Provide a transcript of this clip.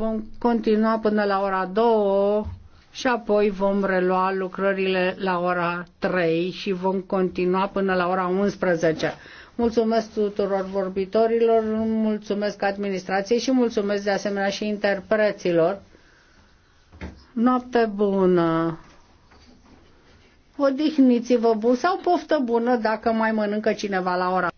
Vom continua până la ora 2 și apoi vom relua lucrările la ora 3 și vom continua până la ora 11. Mulțumesc tuturor vorbitorilor, mulțumesc administrației și mulțumesc de asemenea și interpreților. Noapte bună! Odihniți-vă bun sau poftă bună dacă mai mănâncă cineva la ora